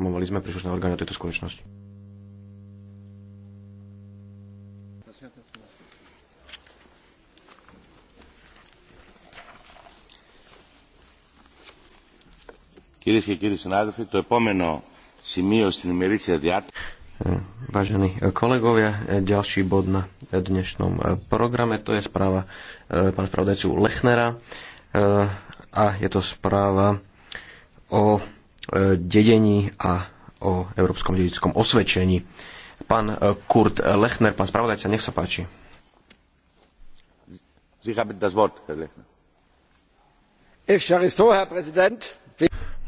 Movali sme príslušné orgány tejto skutočnosti. Κυρίες και nádrfy, to je pomeno σημείο στην ημερήσια διάταξη... Vážení kolegovia, ďalší bod na dnešnom programe, to je správa pána spravodajcu Lechnera e, a je to správa o E, dedení a o Európskom dedickom osvedčení. Pán e, Kurt Lechner, pán spravodajca, nech sa páči.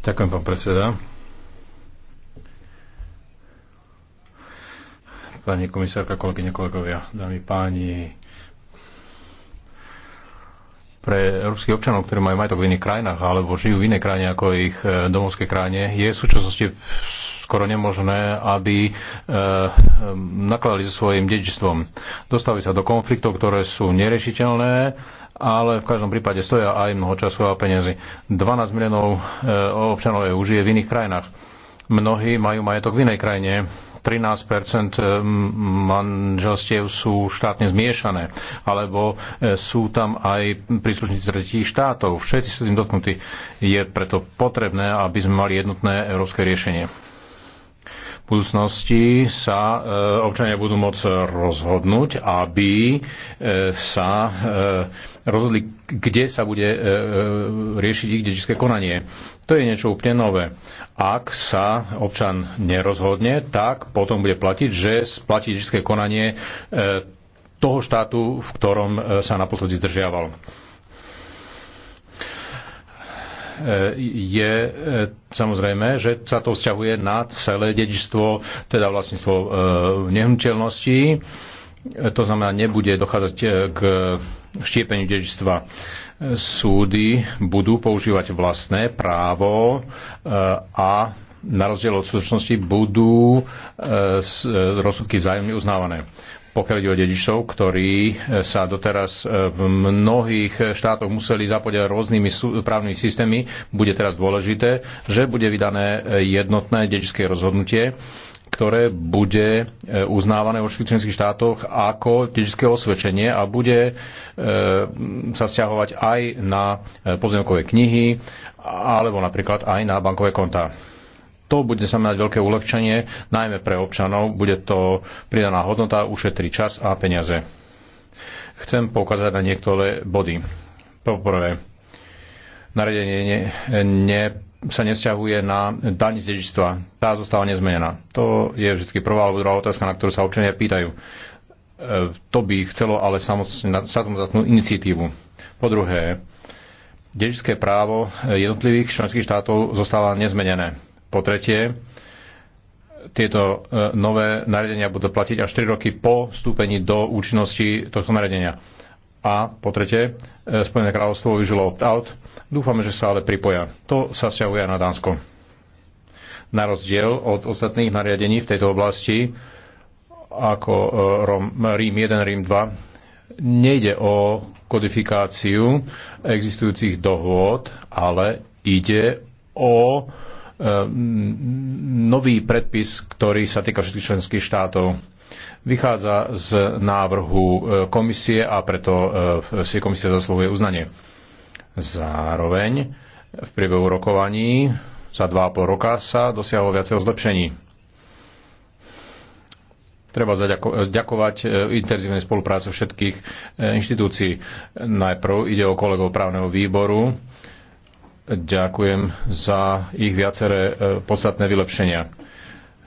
Ďakujem, pán predseda. Pani komisárka, kolegyne, kolegovia, dámy páni, pre európskych občanov, ktorí majú majetok v iných krajinách alebo žijú v inej krajine ako ich e, domovské krajine, je v súčasnosti skoro nemožné, aby e, nakladali so svojím dedičstvom. Dostali sa do konfliktov, ktoré sú neriešiteľné, ale v každom prípade stoja aj mnoho času a peniazy. 12 miliónov e, občanov EU žije v iných krajinách Mnohí majú majetok v inej krajine. 13 eh, manželstiev sú štátne zmiešané, alebo eh, sú tam aj príslušníci tretích štátov. Všetci sú tým dotknutí. Je preto potrebné, aby sme mali jednotné európske riešenie. V budúcnosti sa eh, občania budú môcť rozhodnúť, aby sa rozhodli, kde sa bude e, e, riešiť ich dedičské konanie. To je niečo úplne nové. Ak sa občan nerozhodne, tak potom bude platiť, že splatí dedičské konanie e, toho štátu, v ktorom sa naposledy zdržiaval je samozrejme, že sa to vzťahuje na celé dedičstvo, teda vlastníctvo nehnuteľností. To znamená, nebude dochádzať k štiepeniu dedičstva. E, súdy budú používať vlastné právo e, a na rozdiel od skutočnosti budú e, rozsudky vzájomne uznávané pokiaľ ide o dedičov, ktorí sa doteraz v mnohých štátoch museli zapodiať rôznymi právnymi systémy, bude teraz dôležité, že bude vydané jednotné dedičské rozhodnutie, ktoré bude e, uznávané vo všetkých členských štátoch ako tiežské osvedčenie a bude e, sa stiahovať aj na e, pozemkové knihy alebo napríklad aj na bankové konta. To bude mať veľké uľahčenie, najmä pre občanov. Bude to pridaná hodnota, ušetri čas a peniaze. Chcem poukázať na niektoré body. Poprvé, nariadenie ne, ne sa nesťahuje na daň z dedičstva. Tá zostáva nezmenená. To je vždy prvá alebo druhá otázka, na ktorú sa občania pýtajú. E, to by chcelo ale samostatnú iniciatívu. Po druhé, dedičské právo jednotlivých členských štátov zostáva nezmenené. Po tretie, tieto e, nové nariadenia budú platiť až 4 roky po vstúpení do účinnosti tohto nariadenia. A po tretie, e, Spojené kráľovstvo vyžilo opt-out. Dúfame, že sa ale pripoja. To sa vzťahuje na Dánsko. Na rozdiel od ostatných nariadení v tejto oblasti, ako RIM 1, RIM 2, nejde o kodifikáciu existujúcich dohôd, ale ide o e, nový predpis, ktorý sa týka všetkých členských štátov vychádza z návrhu e, komisie a preto e, si komisia zaslovuje uznanie. Zároveň v priebehu rokovaní za 2,5 roka sa dosiahlo viacej zlepšení. Treba ďakovať e, intenzívnej spolupráce všetkých inštitúcií. Najprv ide o kolegov právneho výboru. Ďakujem za ich viaceré podstatné vylepšenia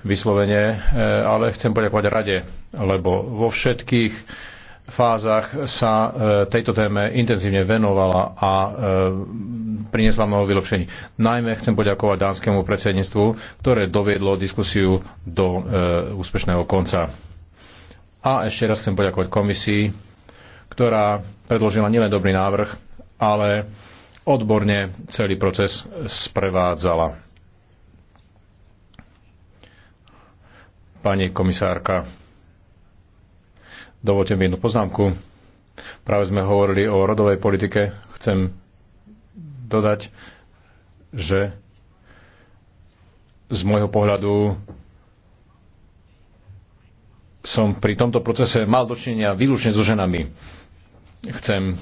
vyslovene, e, ale chcem poďakovať rade, lebo vo všetkých fázach sa e, tejto téme intenzívne venovala a e, priniesla mnoho vylepšení. Najmä chcem poďakovať dánskému predsedníctvu, ktoré doviedlo diskusiu do úspešného konca. A ešte raz chcem poďakovať komisii, ktorá predložila nielen dobrý návrh, ale odborne celý proces sprevádzala. Pani komisárka, dovolte mi jednu poznámku. Práve sme hovorili o rodovej politike. Chcem dodať, že z môjho pohľadu som pri tomto procese mal dočinenia výlučne so ženami. Chcem e,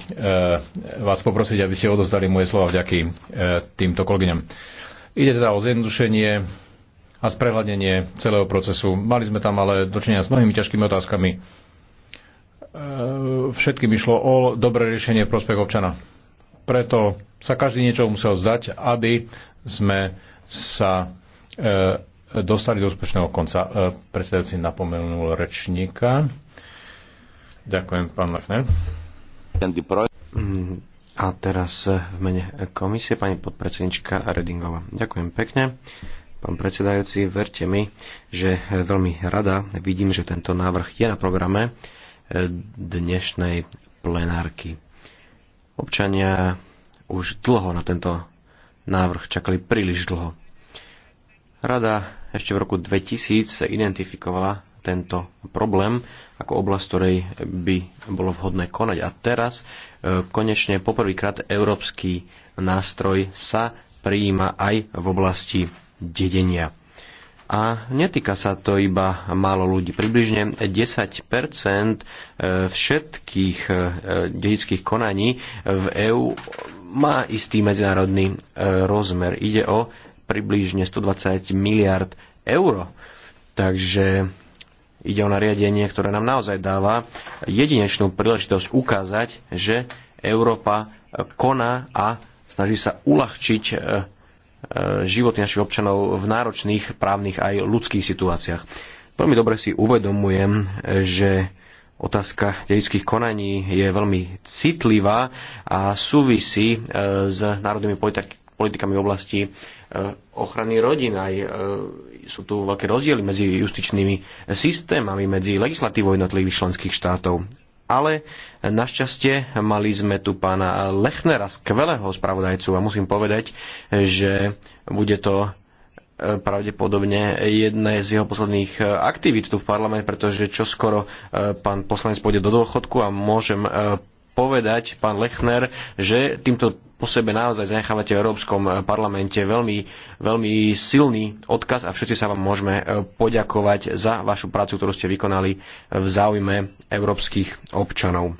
vás poprosiť, aby ste odozdali moje slova vďaky e, týmto kolegyňam. Ide teda o zjednodušenie a sprehľadnenie celého procesu. Mali sme tam ale dočinenia s mnohými ťažkými otázkami. E, všetkým išlo o dobré riešenie v prospech občana. Preto sa každý niečo musel vzdať, aby sme sa e, dostali do úspešného konca. E, predsedajúci napomenul rečníka. Ďakujem, pán Lechner. A teraz v mene komisie pani podpredsednička Redingova. Ďakujem pekne. Pán predsedajúci, verte mi, že veľmi rada vidím, že tento návrh je na programe e, dnešnej plenárky. Občania už dlho na tento návrh čakali príliš dlho. Rada ešte v roku 2000 identifikovala tento problém ako oblasť, ktorej by bolo vhodné konať. A teraz e, konečne poprvýkrát európsky nástroj sa prijíma aj v oblasti dedenia. A netýka sa to iba málo ľudí. Približne 10 e, všetkých e, dedických konaní v EÚ má istý medzinárodný e, rozmer. Ide o približne 120 miliard eur. Takže ide o nariadenie, ktoré nám naozaj dáva jedinečnú príležitosť ukázať, že Európa koná a snaží sa uľahčiť E, životy našich občanov v náročných právnych aj ľudských situáciách. Veľmi dobre si uvedomujem, že otázka dedických konaní je veľmi citlivá a súvisí e, s národnými politikami v oblasti e, ochrany rodín. Aj sú tu veľké rozdiely medzi justičnými systémami, medzi legislatívou jednotlivých členských štátov ale našťastie mali sme tu pána Lechnera, skvelého spravodajcu a musím povedať, že bude to e, pravdepodobne jedné z jeho posledných e, aktivít tu v parlamente, pretože čoskoro e, pán poslanec pôjde do dôchodku a môžem povedať, pán Lechner, že týmto po sebe naozaj zanechávate v Európskom eh, parlamente veľmi, veľmi silný odkaz a všetci sa vám môžeme eh, poďakovať za vašu prácu, ktorú ste vykonali eh, v záujme európskych občanov.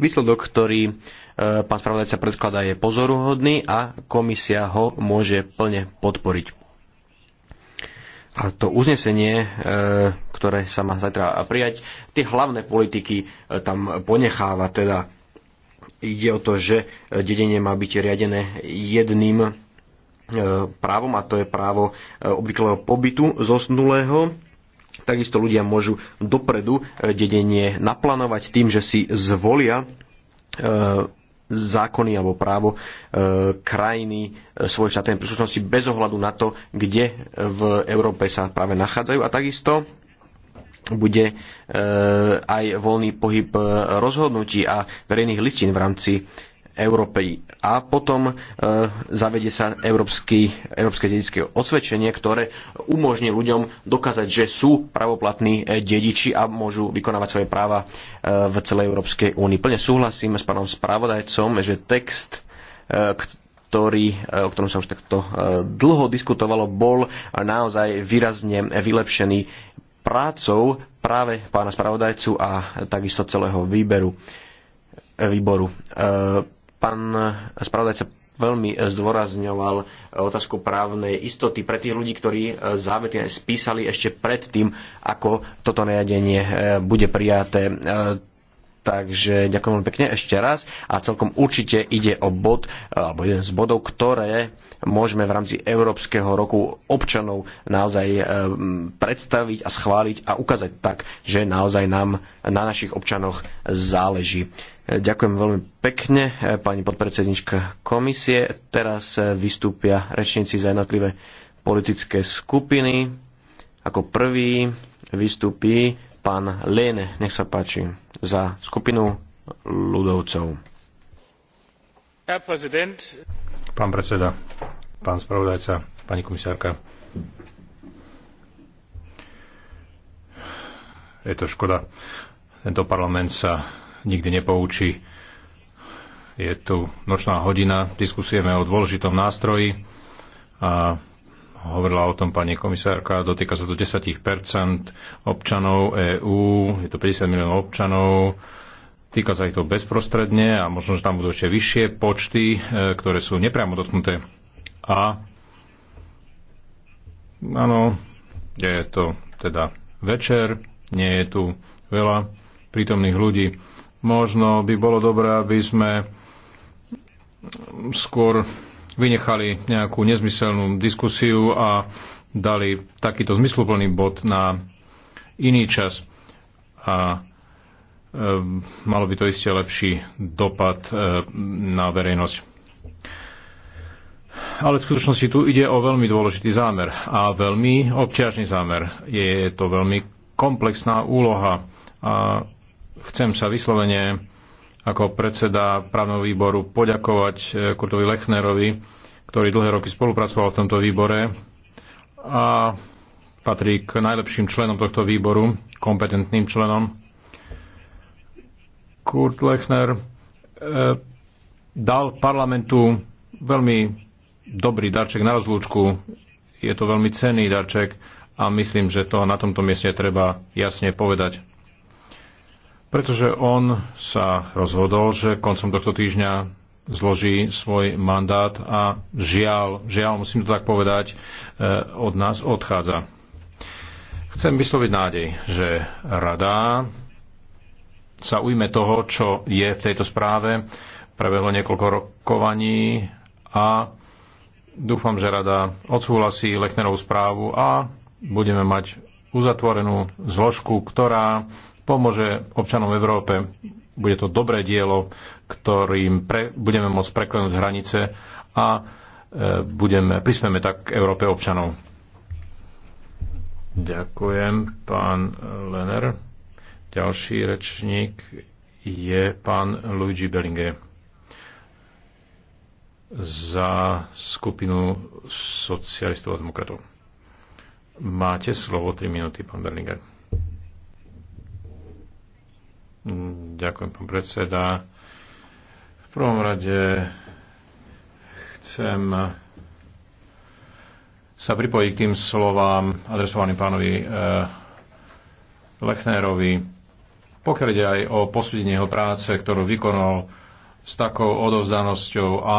Výsledok, ktorý pán spravodajca predkladá, je pozoruhodný a komisia ho môže plne podporiť. A to uznesenie, ktoré sa má zajtra prijať, tie hlavné politiky tam ponecháva, teda ide o to, že dedenie má byť riadené jedným e, právom a to je právo e, obvyklého pobytu zosnulého. Takisto ľudia môžu dopredu e, dedenie naplánovať tým, že si zvolia zákony alebo právo e, krajiny e, svojej štátnej príslušnosti bez ohľadu na to, kde v Európe sa práve nachádzajú. A takisto bude Eh, aj voľný pohyb eh, rozhodnutí a verejných listín v rámci Európy. A potom eh, zavedie zavede sa európsky, európske dedické osvedčenie, ktoré umožní ľuďom dokázať, že sú pravoplatní dediči a môžu vykonávať svoje práva v celej Európskej únii. Plne súhlasím s pánom spravodajcom, že text, ktorý, o ktorom sa už takto dlho diskutovalo, bol naozaj výrazne vylepšený prácou, práve pána spravodajcu a takisto celého výberu, e, výboru. E, pán spravodajca veľmi zdôrazňoval otázku právnej istoty pre tých ľudí, ktorí e, závetne spísali ešte pred tým, ako toto nariadenie bude prijaté. Takže ďakujem veľmi pekne ešte raz a celkom určite ide o bod, alebo jeden z bodov, ktoré môžeme v rámci Európskeho roku občanov naozaj e, predstaviť a schváliť a ukázať tak, že naozaj nám na našich občanoch záleží. E, ďakujem veľmi pekne, e, pani podpredsednička komisie. Teraz vystúpia rečníci za jednotlivé politické skupiny. Ako prvý vystúpi pán Lene, nech sa páči, za skupinu ľudovcov. Pán predseda, pán spravodajca, pani komisárka. Je to škoda. Tento parlament sa nikdy nepoučí. Je tu nočná hodina, diskusujeme o dôležitom nástroji a hovorila o tom pani komisárka, dotýka sa to 10 občanov EÚ, je to 50 miliónov občanov, Týka sa ich to bezprostredne a možno, že tam budú ešte vyššie počty, e, ktoré sú nepriamo dotknuté. A áno, je to teda večer, nie je tu veľa prítomných ľudí. Možno by bolo dobré, aby sme skôr vynechali nejakú nezmyselnú diskusiu a dali takýto zmysluplný bod na iný čas. A Ehm, malo by to iste lepší dopad ehm, na verejnosť. Ale v skutočnosti tu ide o veľmi dôležitý zámer a veľmi obťažný zámer. Je to veľmi komplexná úloha a chcem sa vyslovene ako predseda právneho výboru poďakovať eh, Kurtovi Lechnerovi, ktorý dlhé roky spolupracoval v tomto výbore a patrí k najlepším členom tohto výboru, kompetentným členom Kurt Lechner e, dal parlamentu veľmi dobrý darček na rozlúčku. Je to veľmi cenný darček a myslím, že to na tomto mieste treba jasne povedať. Pretože on sa rozhodol, že koncom tohto týždňa zloží svoj mandát a žiaľ, žiaľ, musím to tak povedať, e, od nás odchádza. Chcem vysloviť nádej, že rada sa ujme toho, čo je v tejto správe. Prebehlo niekoľko rokovaní a dúfam, že rada odsúhlasí Lechnerovú správu a budeme mať uzatvorenú zložku, ktorá pomôže občanom Európe. Bude to dobré dielo, ktorým pre, budeme môcť preklenúť hranice a e, budeme, prispieme tak k Európe občanov. Ďakujem, pán Lener. Ďalší rečník je pán Luigi Bellinge za skupinu socialistov a demokratov. Máte slovo 3 minúty, pán Berlinger. Ďakujem, pán predseda. V prvom rade chcem sa pripojiť k tým slovám adresovaným pánovi eh, Lechnerovi pokiaľ ide aj o posúdenie jeho práce, ktorú vykonal s takou odovzdanosťou a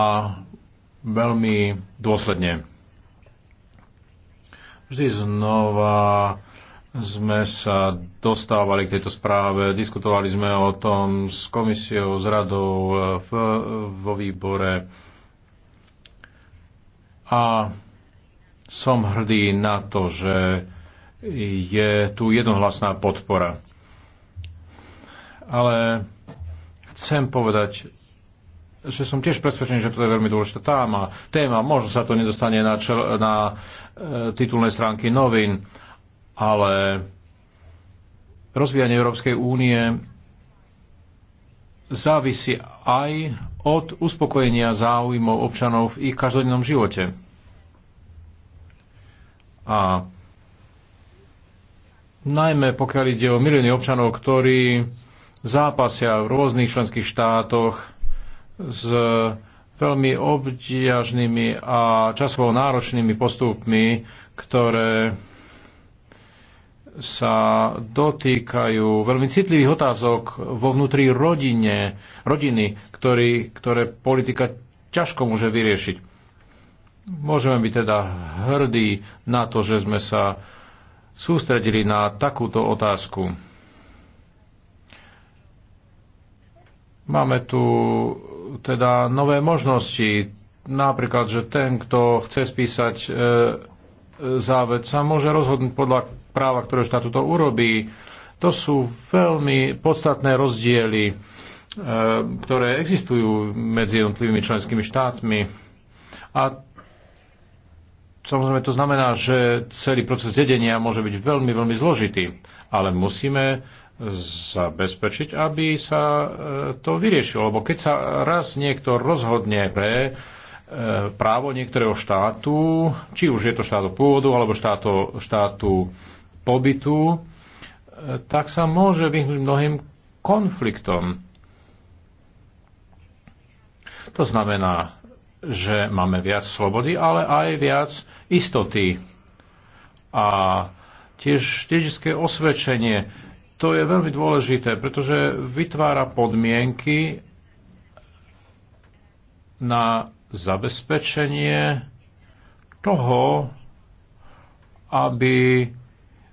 veľmi dôsledne. Vždy znova sme sa dostávali k tejto správe, diskutovali sme o tom s komisiou, s radou v, vo výbore a som hrdý na to, že je tu jednohlasná podpora ale chcem povedať, že som tiež presvedčený, že to je veľmi dôležitá téma. téma. Možno sa to nedostane na, čel, na e, titulné stránky novín, ale rozvíjanie Európskej únie závisí aj od uspokojenia záujmov občanov v ich každodennom živote. A najmä pokiaľ ide o milióny občanov, ktorí zápasia v rôznych členských štátoch s veľmi obťažnými a časovo náročnými postupmi, ktoré sa dotýkajú veľmi citlivých otázok vo vnútri rodine, rodiny, ktorý, ktoré politika ťažko môže vyriešiť. Môžeme byť teda hrdí na to, že sme sa sústredili na takúto otázku. Máme tu teda nové možnosti. Napríklad, že ten, kto chce spísať e, záved, sa môže rozhodnúť podľa práva, ktoré štátu to urobí. To sú veľmi podstatné rozdiely, e, ktoré existujú medzi jednotlivými členskými štátmi. A samozrejme to znamená, že celý proces dedenia môže byť veľmi, veľmi zložitý. Ale musíme zabezpečiť, aby sa e, to vyriešilo. Lebo keď sa raz niekto rozhodne pre e, právo niektorého štátu, či už je to štátu pôvodu alebo štátu, štátu pobytu, e, tak sa môže vyhnúť mnohým konfliktom. To znamená, že máme viac slobody, ale aj viac istoty. A tiež dedičské osvedčenie to je veľmi dôležité, pretože vytvára podmienky na zabezpečenie toho, aby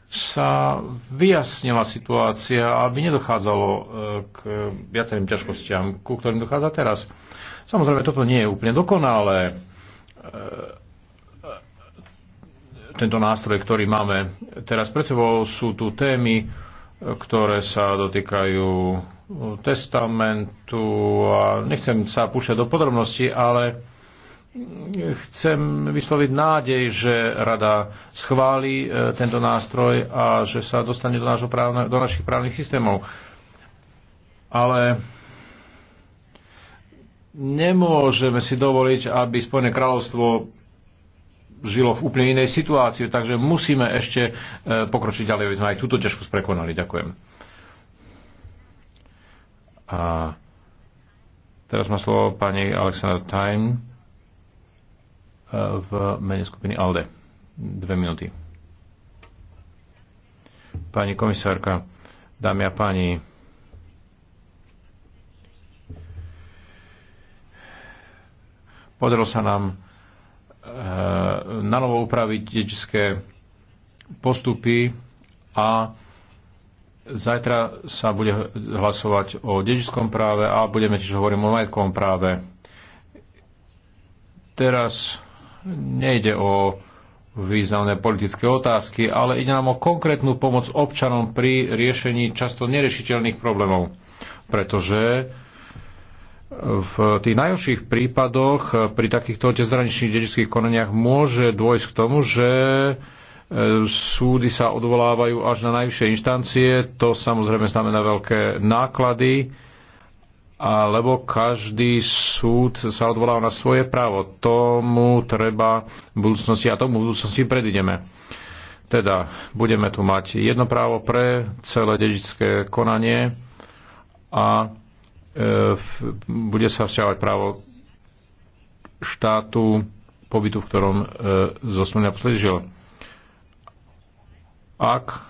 sa vyjasnila situácia, aby nedochádzalo e, k viacerým ťažkostiam, ku ktorým dochádza teraz. Samozrejme, toto nie je úplne dokonalé. E, e, tento nástroj, ktorý máme teraz pred sebou, sú tu témy, ktoré sa dotýkajú eh, testamentu a nechcem sa púšťať do podrobností, ale eh, chcem vysloviť nádej, že rada schváli eh, tento nástroj a že sa dostane do, nášho právne, do našich právnych systémov. Ale nemôžeme si dovoliť, aby Spojené kráľovstvo žilo v úplne inej situácii, takže musíme ešte e, pokročiť ďalej, aby sme aj túto ťažkosť prekonali. Ďakujem. A teraz má slovo pani Alexander Time e, v mene skupiny ALDE. Dve minúty. Pani komisárka, dámy a páni, podarilo sa nám Eh, nanovo upraviť dedičské postupy a zajtra sa bude hlasovať o dedičskom práve a budeme tiež hovoriť o majetkovom práve. Teraz nejde o významné politické otázky, ale ide nám o konkrétnu pomoc občanom pri riešení často neriešiteľných problémov. Pretože v tých najhorších prípadoch eh, pri takýchto tezraničných dedičských konaniach môže dôjsť k tomu, že eh, súdy sa odvolávajú až na najvyššie inštancie. To samozrejme znamená veľké náklady, alebo každý súd sa odvoláva na svoje právo. Tomu treba v budúcnosti a tomu v budúcnosti predideme. Teda budeme tu mať jedno právo pre celé dedičské konanie a E, bude sa vzťahovať právo štátu pobytu, v ktorom e, zosnulý naposledy žil. Ak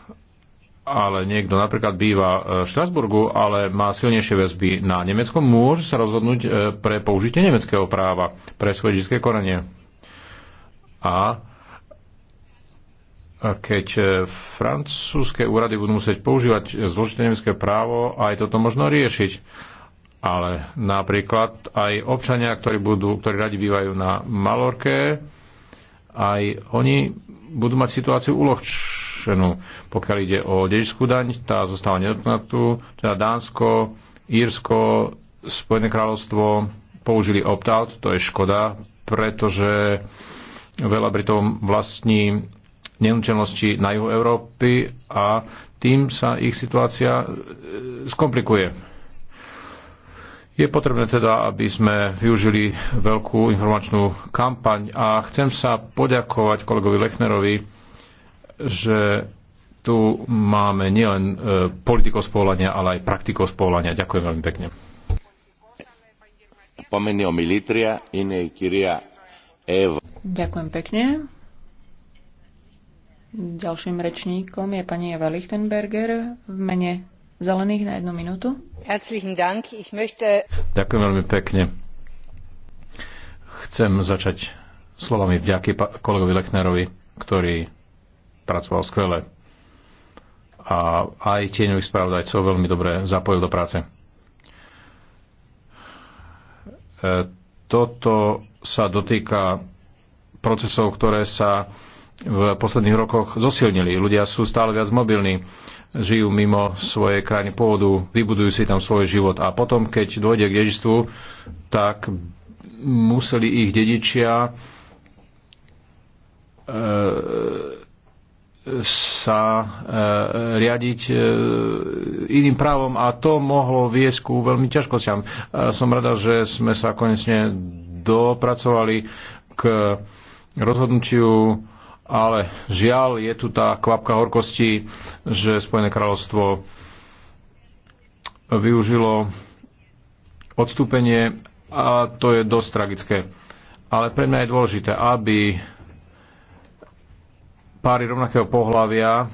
ale niekto napríklad býva e, v Štrasburgu, ale má silnejšie väzby na Nemecko, môže sa rozhodnúť e, pre použitie nemeckého práva pre svoje židské korenie. A keď francúzske úrady budú musieť používať zložité nemecké právo, aj toto možno riešiť ale napríklad aj občania, ktorí, budú, ktorí radi bývajú na Malorke, aj oni budú mať situáciu uľahčenú. Pokiaľ ide o dedičskú daň, tá zostáva nedotknutú, teda Dánsko, Írsko, Spojené kráľovstvo použili opt-out, to je škoda, pretože veľa Britov vlastní nenúteľnosti na juhu Európy a tým sa ich situácia e, skomplikuje. Je potrebné teda, aby sme využili veľkú informačnú kampaň a chcem sa poďakovať kolegovi Lechnerovi, že tu máme nielen e, politikov spolania, ale aj praktikov spolania. Ďakujem veľmi pekne. Ďakujem pekne. Ďalším rečníkom je pani Eva Lichtenberger v mene Zelených na jednu minútu. Ďakujem veľmi pekne. Chcem začať slovami vďaky kolegovi Lechnerovi, ktorý pracoval skvele a aj tieňových spravodajcov veľmi dobre zapojil do práce. E, toto sa dotýka procesov, ktoré sa v posledných rokoch zosilnili. Ľudia sú stále viac mobilní, žijú mimo svojej krajiny pôvodu, vybudujú si tam svoj život a potom, keď dôjde k dedičstvu, tak museli ich dedičia e, sa e, riadiť e, iným právom a to mohlo viesť ku veľmi ťažkostiam. Som rada, že sme sa konečne dopracovali k rozhodnutiu ale žiaľ je tu tá kvapka horkosti, že Spojené kráľovstvo využilo odstúpenie a to je dosť tragické. Ale pre mňa je dôležité, aby páry rovnakého pohľavia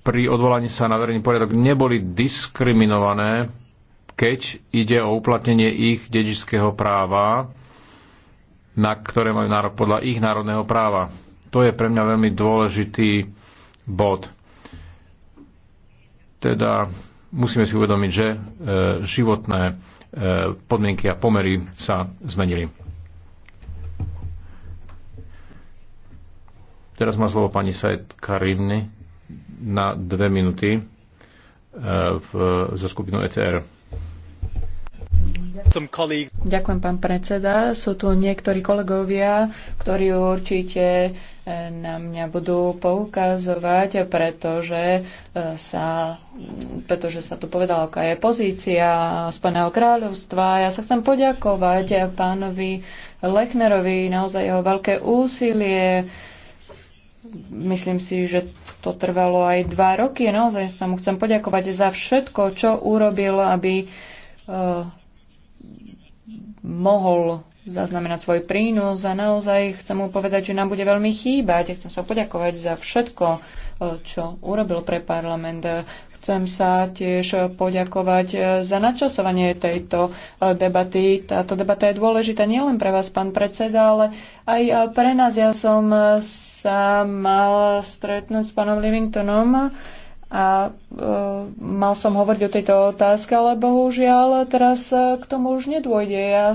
pri odvolaní sa na verejný poriadok neboli diskriminované, keď ide o uplatnenie ich dedičského práva na ktoré majú nárok podľa ich národného práva. To je pre mňa veľmi dôležitý bod. Teda musíme si uvedomiť, že e, životné e, podmienky a pomery sa zmenili. Teraz má slovo pani Sajt Karimny na dve minúty e, v, zo skupinu ECR. Ďakujem, pán predseda. Sú tu niektorí kolegovia, ktorí určite eh, na mňa budú poukazovať, pretože eh, sa, pretože sa tu povedala, aká je pozícia Spojeného kráľovstva. Ja sa chcem poďakovať pánovi Lechnerovi naozaj jeho veľké úsilie. Myslím si, že to trvalo aj dva roky. Naozaj sa mu chcem poďakovať za všetko, čo urobil, aby eh, mohol zaznamenať svoj prínos a naozaj chcem mu povedať, že nám bude veľmi chýbať. Ja chcem sa poďakovať za všetko, e, čo urobil pre parlament. Chcem sa tiež poďakovať e, za načasovanie tejto e, debaty. Táto debata je dôležitá nielen pre vás, pán predseda, ale aj pre nás. Ja som sa mal stretnúť s pánom Livingtonom a e, mal som hovoriť o tejto otázke, ale bohužiaľ teraz e, k tomu už nedôjde. Ja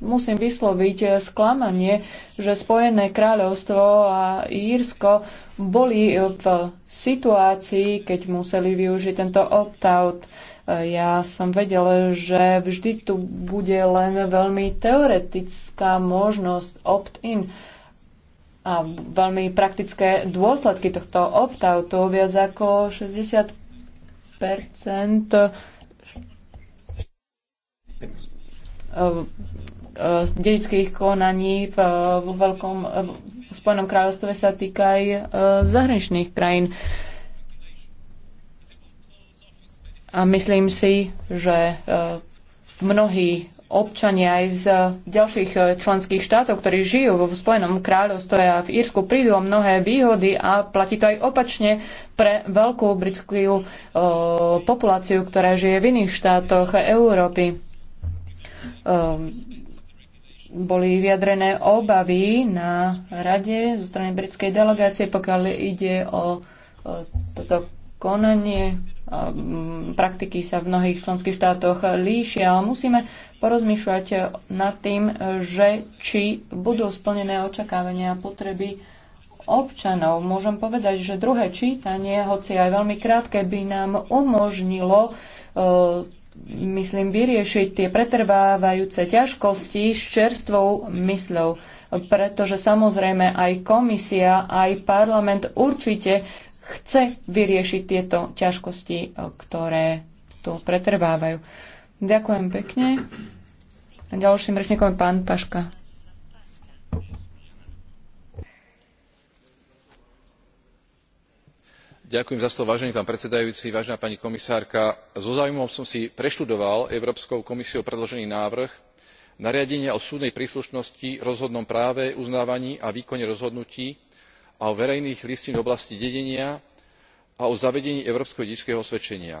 musím vysloviť e, sklamanie, že Spojené kráľovstvo a Írsko boli e, v situácii, keď museli využiť tento opt-out. Ja som vedel, že vždy tu bude len veľmi teoretická možnosť opt-in a veľmi praktické dôsledky tohto opt-outu. Viac ako 60 eh, eh, dedických konaní v, v veľkom v Spojenom kráľovstve sa týka aj eh, zahraničných krajín. A myslím si, že mnohí občania aj z ďalších eh, členských štátov, ktorí žijú v Spojenom kráľovstve a v Írsku, prídu o mnohé výhody a platí to aj opačne pre veľkú britskú eh, populáciu, ktorá žije v iných štátoch Európy. O, eh, boli vyjadrené obavy na rade zo strany britskej delegácie, pokiaľ ide o, o toto konanie mm, praktiky sa v mnohých členských štátoch líšia, ale musíme porozmýšľať nad tým, že či budú splnené očakávania a potreby občanov. Môžem povedať, že druhé čítanie, hoci aj veľmi krátke, by nám umožnilo e, myslím, vyriešiť tie pretrvávajúce ťažkosti s čerstvou mysľou. Pretože samozrejme aj komisia, aj parlament určite chce vyriešiť tieto ťažkosti, e, ktoré tu pretrvávajú. Ďakujem pekne. A ďalším rečníkom je pán Paška. Ďakujem za slovo, vážený pán predsedajúci, vážená pani komisárka. So zaujímavom som si preštudoval Európskou komisiou predložený návrh nariadenia o súdnej príslušnosti rozhodnom práve uznávaní a výkone rozhodnutí a o verejných listín v oblasti dedenia a o zavedení európskeho dedičského osvedčenia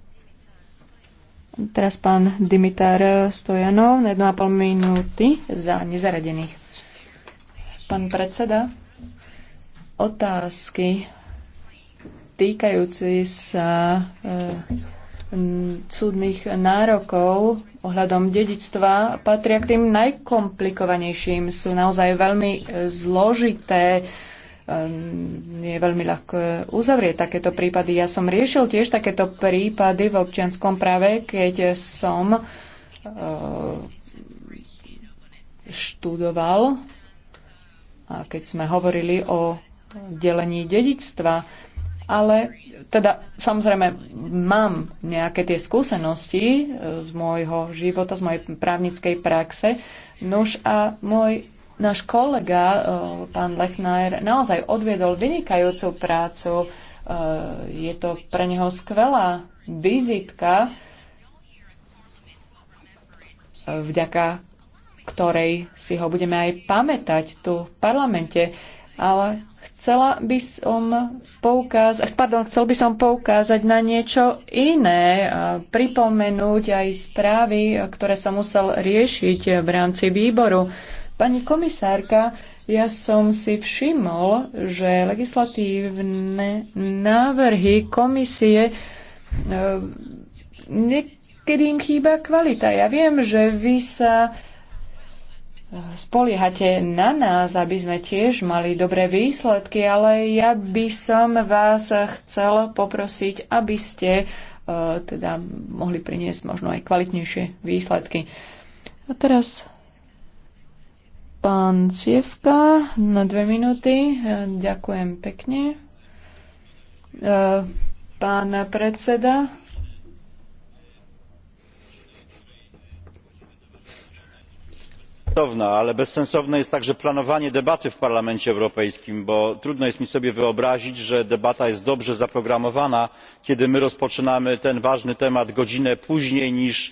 Teraz pán Dimitar Stojanov na 1,5 minúty za nezaradených. Pán predseda, otázky týkajúci sa e, súdnych nárokov ohľadom dedictva patria k tým najkomplikovanejším. Sú naozaj veľmi eh, zložité, Ehm, je veľmi ľahko uzavrieť takéto prípady. Ja som riešil tiež takéto prípady v občianskom práve, keď som ehm, študoval a keď sme hovorili o delení dedičstva, ale teda samozrejme mám nejaké tie skúsenosti eh, z môjho života, z mojej právnickej praxe. Nož a môj Náš kolega, e, pán Lechner, naozaj odviedol vynikajúcu prácu. E, je to pre neho skvelá vizitka, e, vďaka ktorej si ho budeme aj pamätať tu v parlamente. Ale chcela by som poukázať, pardon, chcel by som poukázať na niečo iné, pripomenúť aj správy, ktoré sa musel riešiť v rámci výboru. Pani komisárka, ja som si všimol, že legislatívne návrhy komisie eh, niekedy im chýba kvalita. Ja viem, že vy sa eh, spoliehate na nás, aby sme tiež mali dobré výsledky, ale ja by som vás chcel poprosiť, aby ste eh, teda mohli priniesť možno aj kvalitnejšie výsledky. A teraz Pán Cievka na dve minúty. E, ďakujem pekne. E, Pán predseda. ale bezsensowne jest także planowanie debaty w parlamencie europejskim bo trudno jest mi sobie wyobrazić że debata jest dobrze zaprogramowana kiedy my rozpoczynamy ten ważny temat godzinę później niż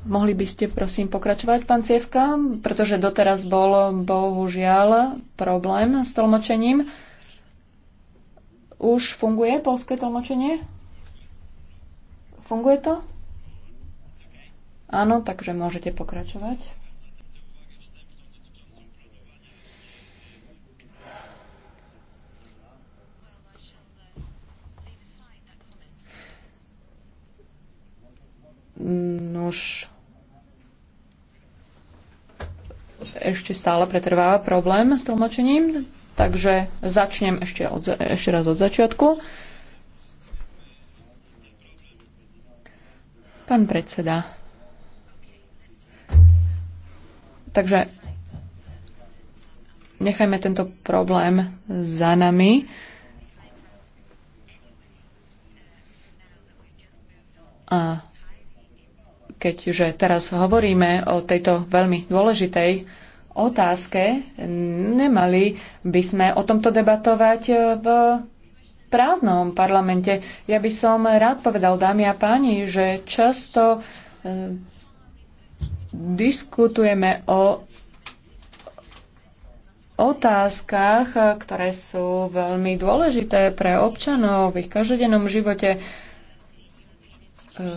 Mohli by ste prosím pokračovať, pán Cievka, pretože doteraz bol bohužiaľ problém s tlmočením. Už funguje polské tlmočenie? Funguje to? Áno, takže môžete pokračovať. Nož, ešte stále pretrváva problém s tlmočením, takže začnem ešte, od, ešte raz od začiatku. Pán predseda. Takže nechajme tento problém za nami. A keďže teraz hovoríme o tejto veľmi dôležitej otázke, nemali by sme o tomto debatovať v prázdnom parlamente. Ja by som rád povedal, dámy a páni, že často e, diskutujeme o otázkach, ktoré sú veľmi dôležité pre občanov v ich každodennom živote. E,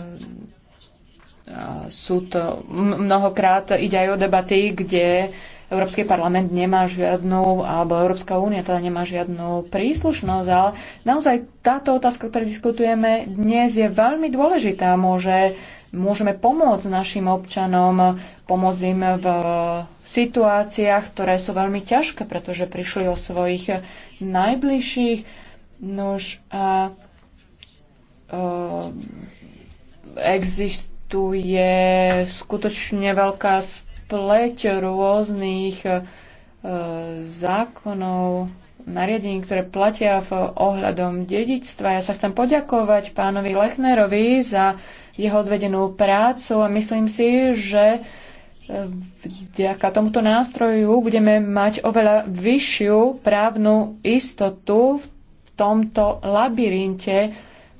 sú to mnohokrát ide aj o debaty, kde Európsky parlament nemá žiadnu, alebo Európska únia teda nemá žiadnu príslušnosť, ale naozaj táto otázka, ktorú diskutujeme dnes, je veľmi dôležitá. Môže, môžeme pomôcť našim občanom, pomôcť im v situáciách, ktoré sú veľmi ťažké, pretože prišli o svojich najbližších. Nož a, a, ehm, exist, tu je skutočne veľká spleť rôznych e, zákonov, nariadení, ktoré platia v ohľadom dedičstva. Ja sa chcem poďakovať pánovi Lechnerovi za jeho odvedenú prácu a myslím si, že e, vďaka tomuto nástroju budeme mať oveľa vyššiu právnu istotu v tomto labyrinte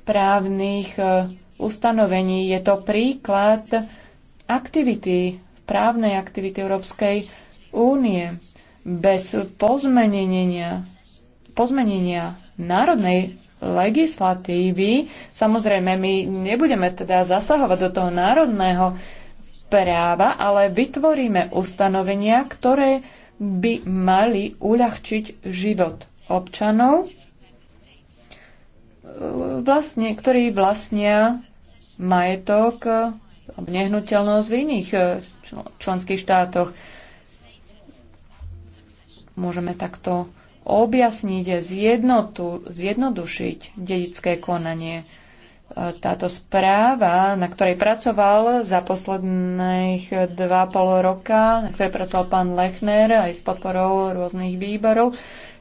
právnych e, ustanovení. Je to príklad aktivity, právnej aktivity Európskej únie. Bez pozmenenia, pozmenenia národnej legislatívy, samozrejme my nebudeme teda zasahovať do toho národného práva, ale vytvoríme ustanovenia, ktoré by mali uľahčiť život občanov vlastne, ktorí vlastnia majetok nehnuteľnosť v iných eh, členských štátoch. Môžeme takto objasniť a zjednotu, zjednodušiť dedické konanie. Eh, táto správa, na ktorej pracoval za posledných dva pol roka, na ktorej pracoval pán Lechner aj s podporou rôznych výborov,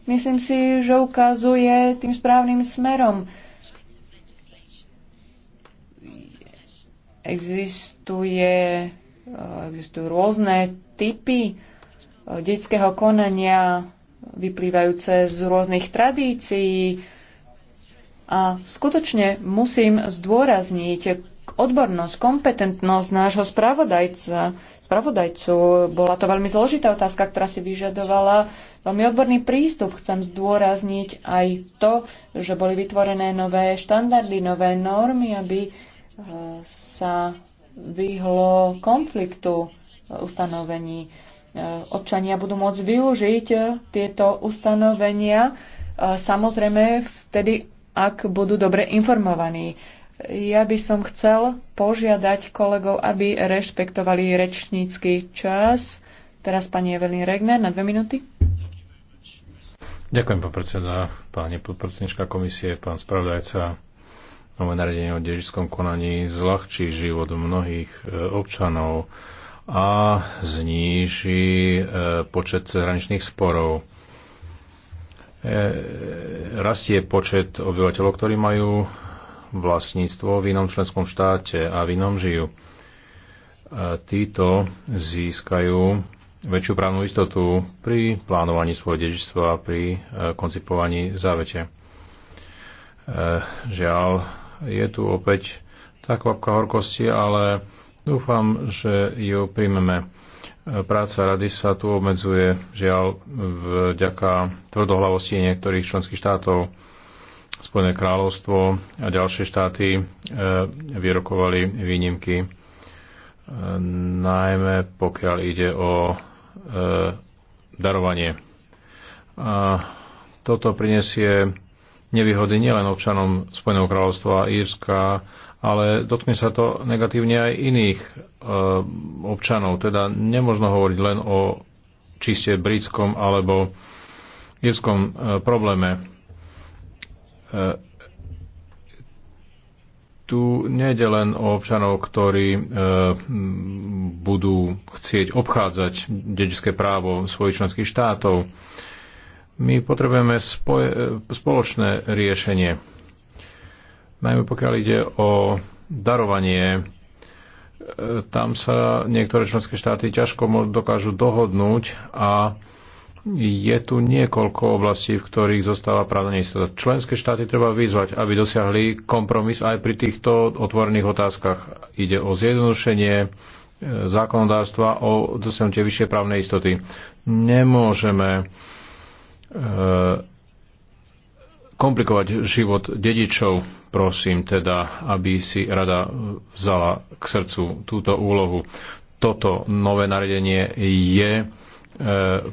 myslím si, že ukazuje tým správnym smerom. Existuje, eh, existujú rôzne typy eh, detského konania vyplývajúce z rôznych tradícií a skutočne musím zdôrazniť eh, odbornosť, kompetentnosť nášho spravodajca, spravodajcu. Bola to veľmi zložitá otázka, ktorá si vyžadovala veľmi odborný prístup. Chcem zdôrazniť aj to, že boli vytvorené nové štandardy, nové normy, aby eh, sa vyhlo konfliktu ustanovení. Eh, občania budú môcť využiť eh, tieto ustanovenia samozrejme vtedy, ak budú dobre informovaní. Ja by som chcel požiadať kolegov, aby rešpektovali rečnícky čas. Teraz pani Evelyn Regner na dve minúty. Ďakujem, pán predseda, pani podpredsednička komisie, pán spravodajca. Nové naredenie o dedičskom konaní zľahčí život mnohých e, občanov a zníži e, počet zahraničných sporov e, rastie počet obyvateľov, ktorí majú vlastníctvo v inom členskom štáte a v inom žijú. Títo získajú väčšiu právnu istotu pri plánovaní svojho dedičstva a pri e, koncipovaní závete. Žiaľ, je tu opäť tá kvapka horkosti, ale dúfam, že ju príjmeme. E, práca rady sa tu obmedzuje, žiaľ, vďaka tvrdohlavosti niektorých členských štátov Spojené kráľovstvo a ďalšie štáty e, vyrokovali výnimky, e, najmä pokiaľ ide o e, darovanie. A toto prinesie nevýhody nielen občanom Spojeného kráľovstva a Írska, ale dotkne sa to negatívne aj iných e, občanov. Teda nemôžno hovoriť len o čiste britskom alebo írskom e, probléme. Tu nejde len o občanov, ktorí e, budú chcieť obchádzať dedičské právo svojich členských štátov. My potrebujeme e, spoločné riešenie. Najmä pokiaľ ide o darovanie e, tam sa niektoré členské štáty ťažko dokážu dohodnúť a je tu niekoľko oblastí, v ktorých zostáva právna neistota. Členské štáty treba vyzvať, aby dosiahli kompromis aj pri týchto otvorených otázkach. Ide o zjednodušenie e, zákonodárstva, o dosiahnutie vyššej právnej istoty. Nemôžeme e, komplikovať život dedičov, prosím teda, aby si rada vzala k srdcu túto úlohu. Toto nové nariadenie je E,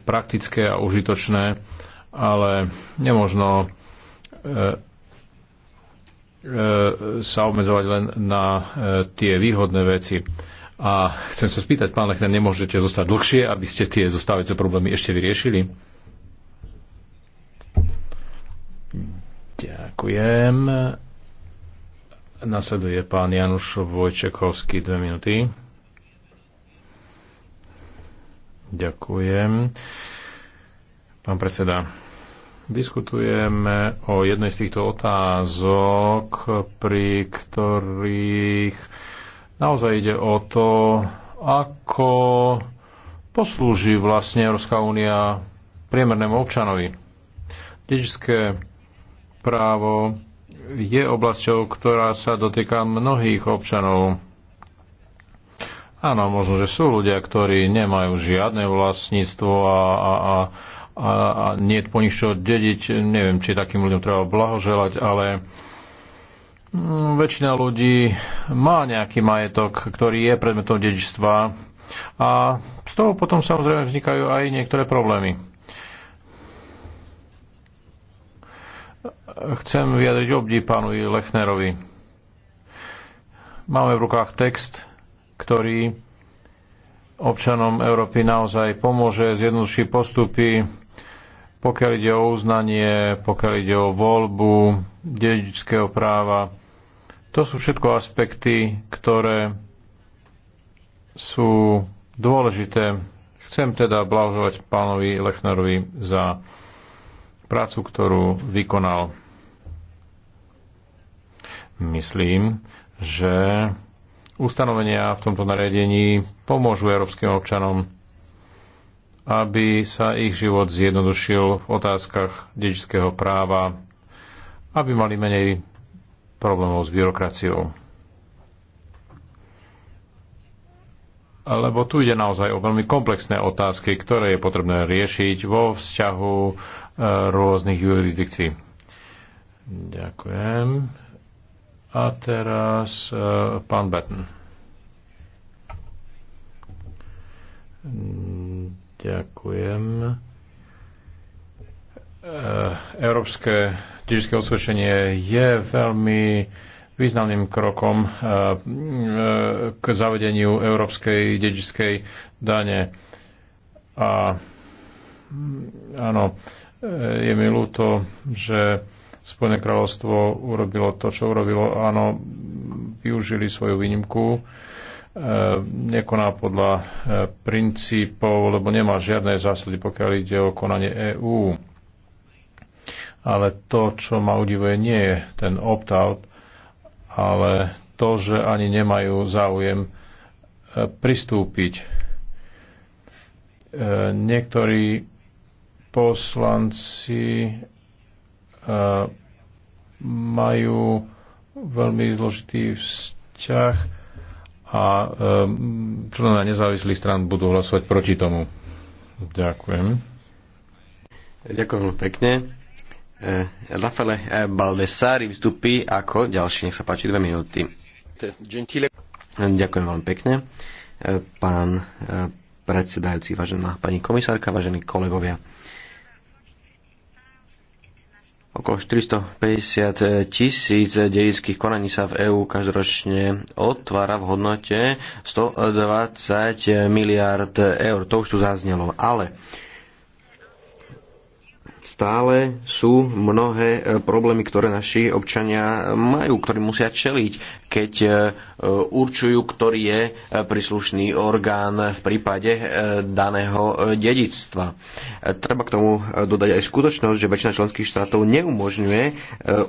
praktické a užitočné, ale nemožno e, e, sa obmedzovať len na tie výhodné veci. A chcem sa spýtať, pán Lechner, nemôžete zostať dlhšie, aby ste tie zostávajúce problémy ešte vyriešili? Ďakujem. Nasleduje pán Januš Vojčekovský, dve minúty. Ďakujem. Pán predseda, diskutujeme o jednej z týchto otázok, pri ktorých naozaj ide o to, ako poslúži vlastne Európska únia priemernému občanovi. Dedičské právo je oblasťou, ktorá sa dotýka mnohých občanov Áno, možno, že sú ľudia, ktorí nemajú žiadne vlastníctvo a, a, a, a, a nie je po nich čo dediť. Neviem, či takým ľuďom treba blahoželať, ale mm, väčšina ľudí má nejaký majetok, ktorý je predmetom dedičstva a z toho potom samozrejme vznikajú aj niektoré problémy. Chcem vyjadriť obdiv pánu Lechnerovi. Máme v rukách text, ktorý občanom Európy naozaj pomôže, zjednoduší postupy, pokiaľ ide o uznanie, pokiaľ ide o voľbu dedičského práva. To sú všetko aspekty, ktoré sú dôležité. Chcem teda blahoželať pánovi Lechnerovi za prácu, ktorú vykonal. Myslím, že ustanovenia v tomto nariadení pomôžu európskym občanom, aby sa ich život zjednodušil v otázkach dedičského práva, aby mali menej problémov s byrokraciou. Lebo tu ide naozaj o veľmi komplexné otázky, ktoré je potrebné riešiť vo vzťahu e, rôznych jurisdikcií. Ďakujem. A teraz uh, pán Batten. Ďakujem. E, Európske dedičské osvedčenie je veľmi významným krokom e, k zavedeniu európskej dedičskej dane. A áno, je mi ľúto, že Spojené kráľovstvo urobilo to, čo urobilo. Áno, využili svoju výnimku, e, nekoná podľa e, princípov, lebo nemá žiadne zásady, pokiaľ ide o konanie EÚ. Ale to, čo ma udivuje, nie je ten opt-out, ale to, že ani nemajú záujem e, pristúpiť. Niektorí poslanci Eh, majú veľmi zložitý vzťah a eh, členovia nezávislých strán budú hlasovať proti tomu. Ďakujem. Ďakujem pekne. Eh, Rafale Baldessari vstupí ako ďalší, nech sa páči, dve minúty. Ďakujem veľmi pekne. Pán predsedajúci, vážená pani komisárka, vážení kolegovia Okolo 450 e, tisíc e, dejinských konaní sa v EÚ každoročne otvára v hodnote 120 miliard eur. To už tu zaznelo. Ale stále sú mnohé e, problémy, ktoré naši občania majú, ktorí musia čeliť, keď e, e, určujú, ktorý je príslušný orgán v prípade daného dedictva. Treba k tomu dodať aj skutočnosť, že väčšina členských štátov neumožňuje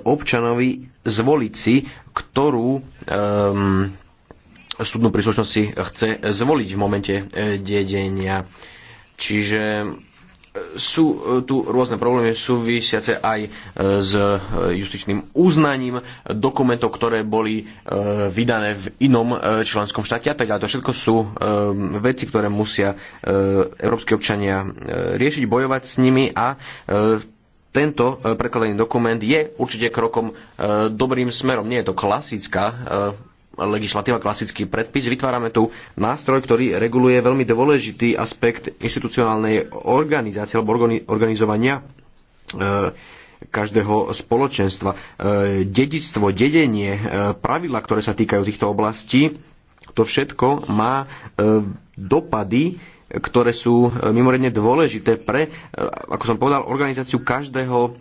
občanovi zvoliť si, ktorú um, súdnu príslušnosť si chce zvoliť v momente dedenia. Čiže sú e, tu rôzne problémy súvisiace aj e, s e, justičným uznaním dokumentov, ktoré boli vydané v inom členskom štáte a tak ďalej. To všetko sú veci, ktoré musia európsky občania riešiť, bojovať s nimi a tento prekladaný dokument je určite krokom dobrým smerom. Nie je to klasická legislatíva, klasický predpis. Vytvárame tu nástroj, ktorý reguluje veľmi dôležitý aspekt institucionálnej organizácie alebo organizovania e, každého spoločenstva. E, dedictvo, dedenie, e, pravidla, ktoré sa týkajú týchto oblastí, to všetko má dopady, ktoré sú mimoriadne dôležité pre, ako som povedal, organizáciu každého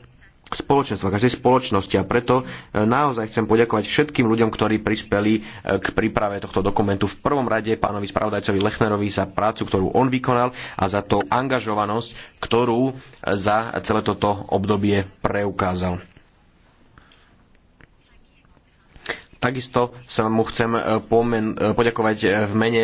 spoločenstva, každej spoločnosti a preto e, naozaj chcem poďakovať všetkým ľuďom, ktorí prispeli e, k príprave tohto dokumentu. V prvom rade pánovi spravodajcovi Lechnerovi za prácu, ktorú on vykonal a za tú angažovanosť, ktorú e, za celé toto obdobie preukázal. Takisto sa mu chcem pomen poďakovať v mene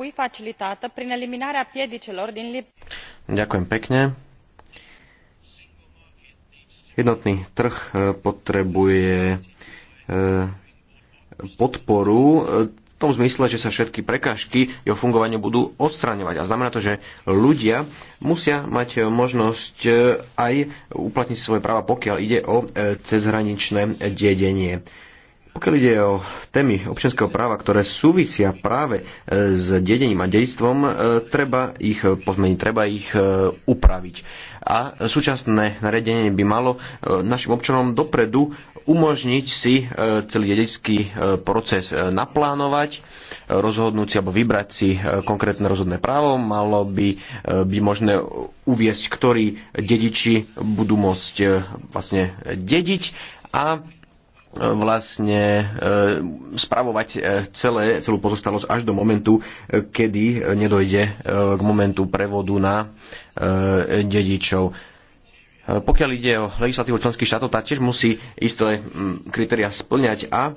cui facilitată prin eliminarea piedicilor din Ďakujem pekne. Jednotný trh e, potrebuje e, podporu e, v tom zmysle, že sa všetky prekážky jeho fungovania budú odstraňovať. A znamená to, že ľudia musia mať možnosť aj uplatniť svoje práva, pokiaľ ide o cezhraničné dedenie. Pokiaľ ide o témy občianského práva, ktoré súvisia práve e, s dedením a dedictvom, e, treba ich pozmeniť, treba ich e, upraviť. A súčasné nariadenie by malo našim občanom dopredu umožniť si celý dedický proces naplánovať, rozhodnúť si alebo vybrať si konkrétne rozhodné právo. Malo by byť možné uviesť, ktorí dediči budú môcť vlastne dediť a vlastne e, spravovať e, celé, celú pozostalosť až do momentu, e, kedy nedojde k momentu prevodu na dedičov. Pokiaľ ide o legislatívu členských štátov, tá tiež musí isté kritéria splňať a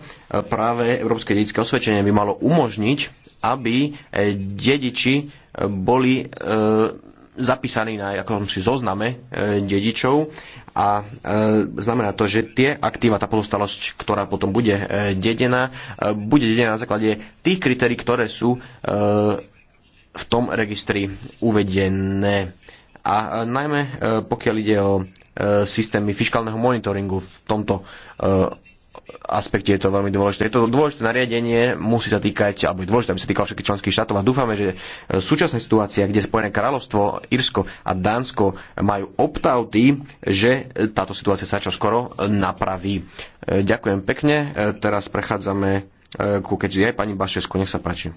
práve Európske dedické osvedčenie by malo umožniť, aby dediči boli zapísaní na akomsi zozname dedičov a e, znamená to, že tie aktíva, tá pozostalosť, ktorá potom bude e, dedená, e, bude dedená na základe tých kritérií, ktoré sú e, v tom registri uvedené. A e, najmä e, pokiaľ ide o e, systémy fiskálneho monitoringu v tomto e, aspekte je to veľmi dôležité. Je to dôležité nariadenie, musí sa týkať, alebo je dôležité, aby sa týkalo všetkých členských štátov a dúfame, že e, súčasná situácia, kde Spojené kráľovstvo, Irsko a Dánsko majú optauty, že e, táto situácia sa čo skoro napraví. E, ďakujem pekne. Teraz prechádzame ku aj Pani Bašesko, nech sa páči.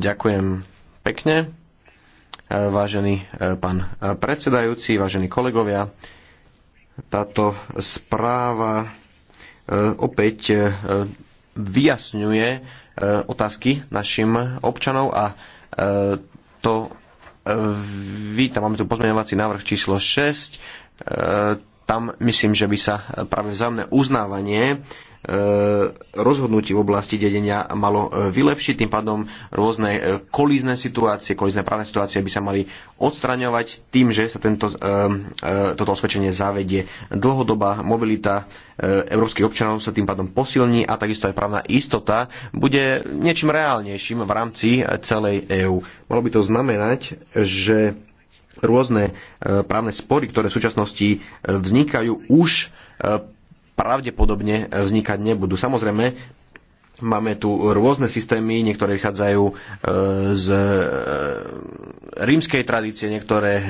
Ďakujem pekne vážený e, pán e, predsedajúci, vážení kolegovia. Táto správa e, opäť vyjasňuje otázky našim občanov a to vítam. Máme tu pozmeňovací návrh číslo 6. Tam myslím, že by sa práve vzájomné uznávanie E, rozhodnutí v oblasti dedenia malo e, vylepšiť. Tým pádom rôzne e, kolízne situácie, kolízne právne situácie by sa mali odstraňovať tým, že sa tento, toto osvedčenie zavedie. Dlhodobá mobilita európskych občanov sa tým pádom posilní a takisto aj právna istota bude niečím reálnejším v rámci celej EÚ. Malo by to znamenať, že rôzne právne spory, ktoré v súčasnosti vznikajú, už pravdepodobne vznikať nebudú. Samozrejme, Máme tu rôzne systémy, niektoré vychádzajú e, z e, rímskej tradície, niektoré e,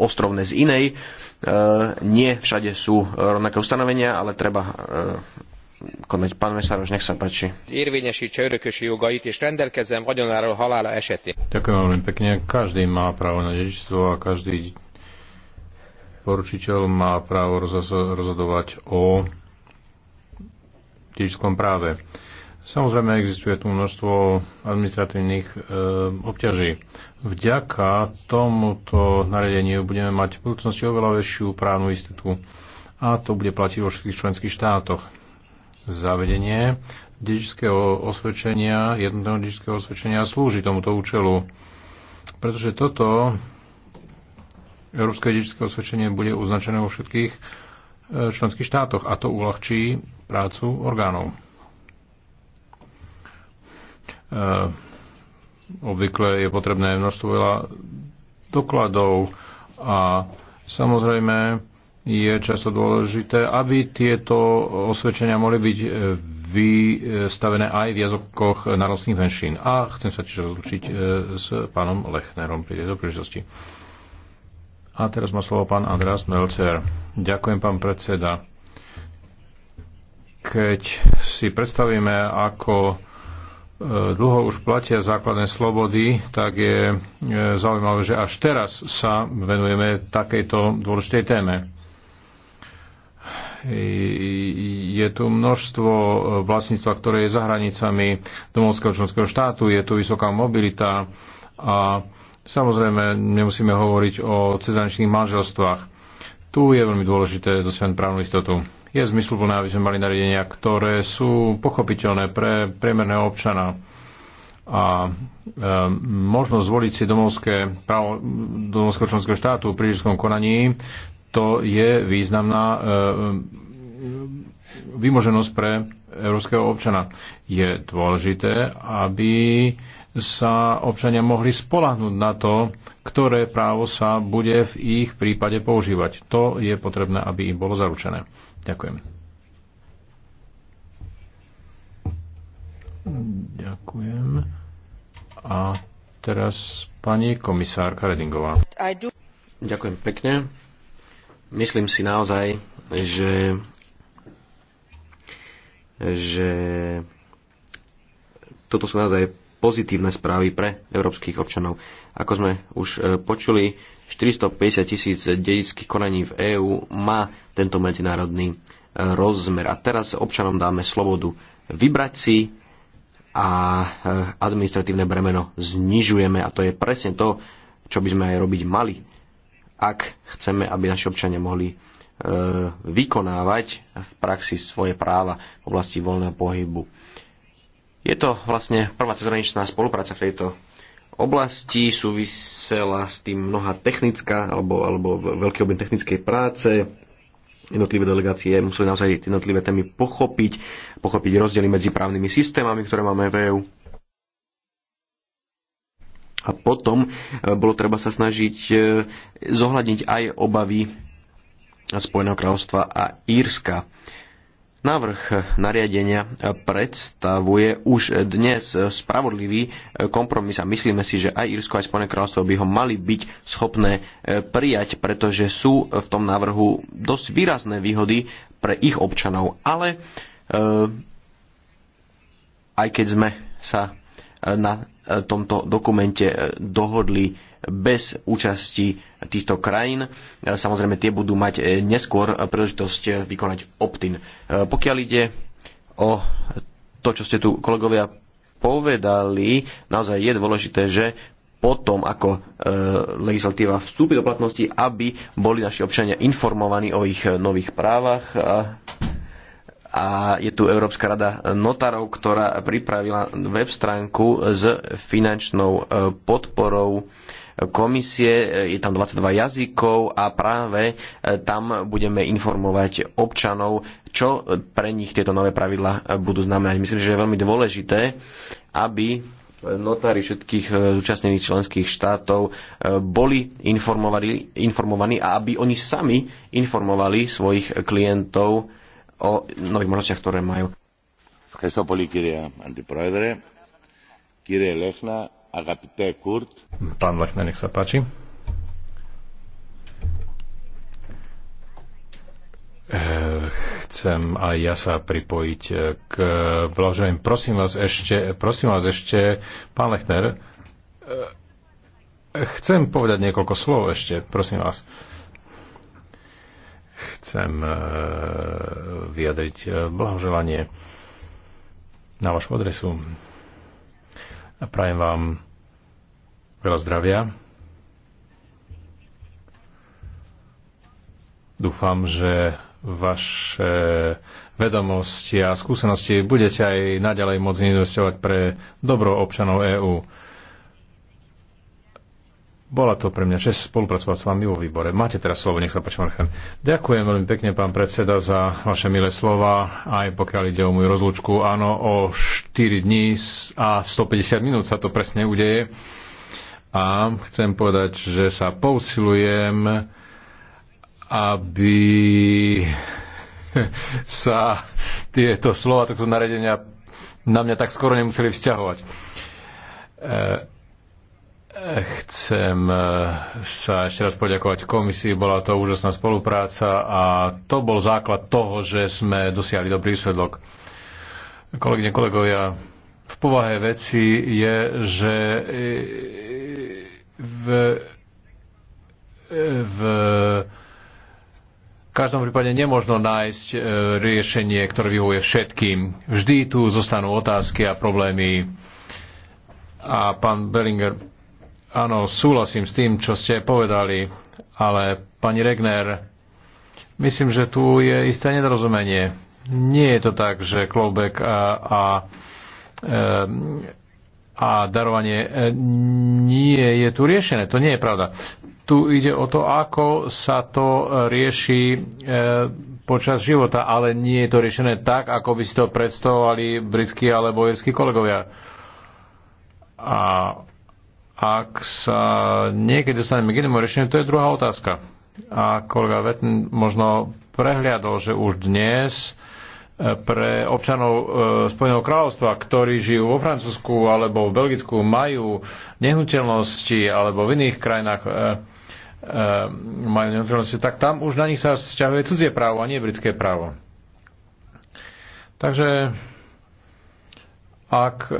ostrovné z inej. Nie všade sú rovnaké ustanovenia, ale treba konať. Pán Mesároš, nech sa páči. Érvényesítse örökösi jogait és rendelkezem vagyonáról halála esetén. Ďakujem veľmi pekne. Každý má právo na dedičstvo a každý poručiteľ má právo rozhodovať o dedičskom práve. Samozrejme existuje tu množstvo administratívnych e, obťaží. Vďaka tomuto nariadeniu budeme mať v budúcnosti oveľa väčšiu právnu istotu a to bude platiť vo všetkých členských štátoch. Zavedenie dedičského osvedčenia, jednotného dedičského osvedčenia slúži tomuto účelu, pretože toto Európske dedičské osvedčenie bude označené vo všetkých e, členských štátoch a to uľahčí prácu orgánov. E, obvykle je potrebné množstvo veľa dokladov a samozrejme je často dôležité, aby tieto osvedčenia mohli byť e, vystavené aj v jazokoch národných menšín. A chcem sa tiež rozlučiť s pánom Lechnerom pri tejto príležitosti. A teraz má slovo pán Andreas Melcer. Ďakujem, pán predseda. Keď si predstavíme, ako e, dlho už platia základné slobody, tak je e, zaujímavé, že až teraz sa venujeme takejto dôležitej téme. Je tu množstvo vlastníctva, ktoré je za hranicami domovského členského štátu, je tu vysoká mobilita a Samozrejme, nemusíme hovoriť o cezaničných manželstvách. Tu je veľmi dôležité dosiahnuť právnu istotu. Je zmysluplné, aby sme mali nariadenia, ktoré sú pochopiteľné pre priemerného občana a e, možnosť zvoliť si domovské právo domovského členského štátu pri ľudskom konaní, to je významná e, vymoženosť pre európskeho občana. Je dôležité, aby e, sa občania mohli spolahnúť na to, ktoré právo sa bude v ich prípade používať. To je potrebné, aby im bolo zaručené. Ďakujem. Ďakujem. A teraz pani komisárka Redingová. Ďakujem pekne. Myslím si naozaj, že že toto sú naozaj pozitívne správy pre európskych občanov. Ako sme už e, počuli, 450 tisíc dedických konaní v EÚ má tento medzinárodný e, rozmer. A teraz občanom dáme slobodu vybrať si a e, administratívne bremeno znižujeme a to je presne to, čo by sme aj robiť mali, ak chceme, aby naši občania mohli vykonávať v praxi svoje práva v oblasti voľného pohybu je to vlastne prvá cezhraničná spolupráca v tejto oblasti, súvisela s tým mnoha technická alebo, alebo veľký objem technickej práce, jednotlivé delegácie museli naozaj jednotlivé témy pochopiť, pochopiť rozdiely medzi právnymi systémami, ktoré máme v EU. A potom e, bolo treba sa snažiť e, zohľadniť aj obavy Spojeného kráľovstva a Írska. Návrh nariadenia predstavuje už dnes spravodlivý kompromis a myslíme si, že aj Írsko, aj Spojené kráľovstvo by ho mali byť schopné e, prijať, pretože sú v tom návrhu dosť výrazné výhody pre ich občanov. Ale e, aj keď sme sa e, na tomto dokumente dohodli bez účasti týchto krajín. Samozrejme, tie budú mať eh, neskôr príležitosť eh, vykonať opt-in. Eh, pokiaľ ide o to, čo ste tu kolegovia povedali, naozaj je dôležité, že potom, ako e, legislatíva vstúpi do platnosti, aby boli naši občania informovaní o ich nových právach. A, a je tu Európska rada notárov, ktorá pripravila web stránku s finančnou podporou komisie, je tam 22 jazykov a práve e, tam budeme informovať občanov, čo pre nich tieto nové pravidla e, budú znamenať. Myslím, že je veľmi dôležité, aby notári všetkých e, zúčastnených členských štátov boli informovaní, a aby oni sami informovali svojich klientov o nových možnostiach, ktoré majú. Lechna, Agapité Kurt. Pán Lechner, nech sa páči. Eh, chcem aj ja sa pripojiť eh, k blahoželím. Prosím vás ešte, prosím vás ešte, pán Lechner, eh, chcem povedať niekoľko slov ešte, prosím vás. Chcem vyjadriť blahoželanie na vašu adresu a prajem vám veľa zdravia. Dúfam, že vaše vedomosti a skúsenosti budete aj naďalej môcť investovať pre dobro občanov EÚ. Bola to pre mňa čest spolupracovať s vami vo výbore. Máte teraz slovo, nech sa páči, Marchen. Ďakujem veľmi pekne, pán predseda, za vaše milé slova, aj pokiaľ ide o moju rozlúčku. Áno, o 4 dní a 150 minút sa to presne udeje. A chcem povedať, že sa pousilujem, aby sa tieto slova, takto naredenia na mňa tak skoro nemuseli vzťahovať. E Chcem e, sa ešte raz poďakovať komisii, bola to úžasná spolupráca a to bol základ toho, že sme dosiahli dobrý výsledok. Kolegyne, kolegovia, v povahe veci je, že e, v, e, v každom prípade nemožno nájsť riešenie, ktoré vyhovuje všetkým. Vždy tu zostanú otázky a problémy. A pán Bellinger Áno, súhlasím s tým, čo ste povedali, ale pani Regner, myslím, že tu je isté nedorozumenie. Nie je to tak, že klobek a, a, e, a darovanie e, nie je tu riešené. To nie je pravda. Tu ide o to, ako sa to rieši e, počas života, ale nie je to riešené tak, ako by si to predstavovali britskí alebo irskí kolegovia. A ak sa niekedy dostaneme k inému riešeniu, to je druhá otázka. A kolega Vetn možno prehliadol, že už dnes e, pre občanov e, Spojeného kráľovstva, ktorí žijú vo Francúzsku alebo v Belgicku, majú nehnuteľnosti alebo v iných krajinách e, majú nehnuteľnosti, tak tam už na nich sa vzťahuje cudzie právo a nie britské právo. Takže ak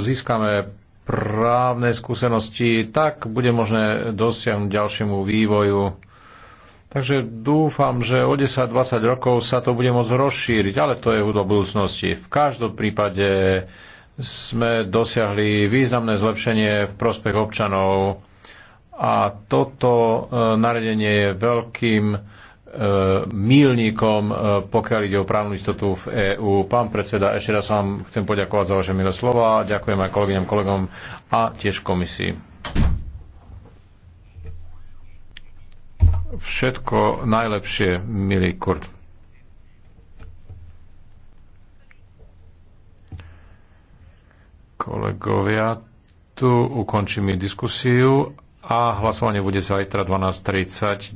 získame právnej skúsenosti, tak bude možné dosiahnuť ďalšiemu vývoju. Takže dúfam, že o 10-20 rokov sa to bude môcť rozšíriť, ale to je do budúcnosti. V každom prípade sme dosiahli významné zlepšenie v prospech občanov a toto e, nariadenie je veľkým mílnikom, e, pokiaľ ide o právnu istotu v EÚ. Pán predseda, ešte raz vám chcem poďakovať za vaše milé slova. Ďakujem aj kolegyňam, kolegom a tiež komisii. Všetko najlepšie, milý Kurt. Kolegovia, tu ukončíme diskusiu a hlasovanie bude zajtra 12.30.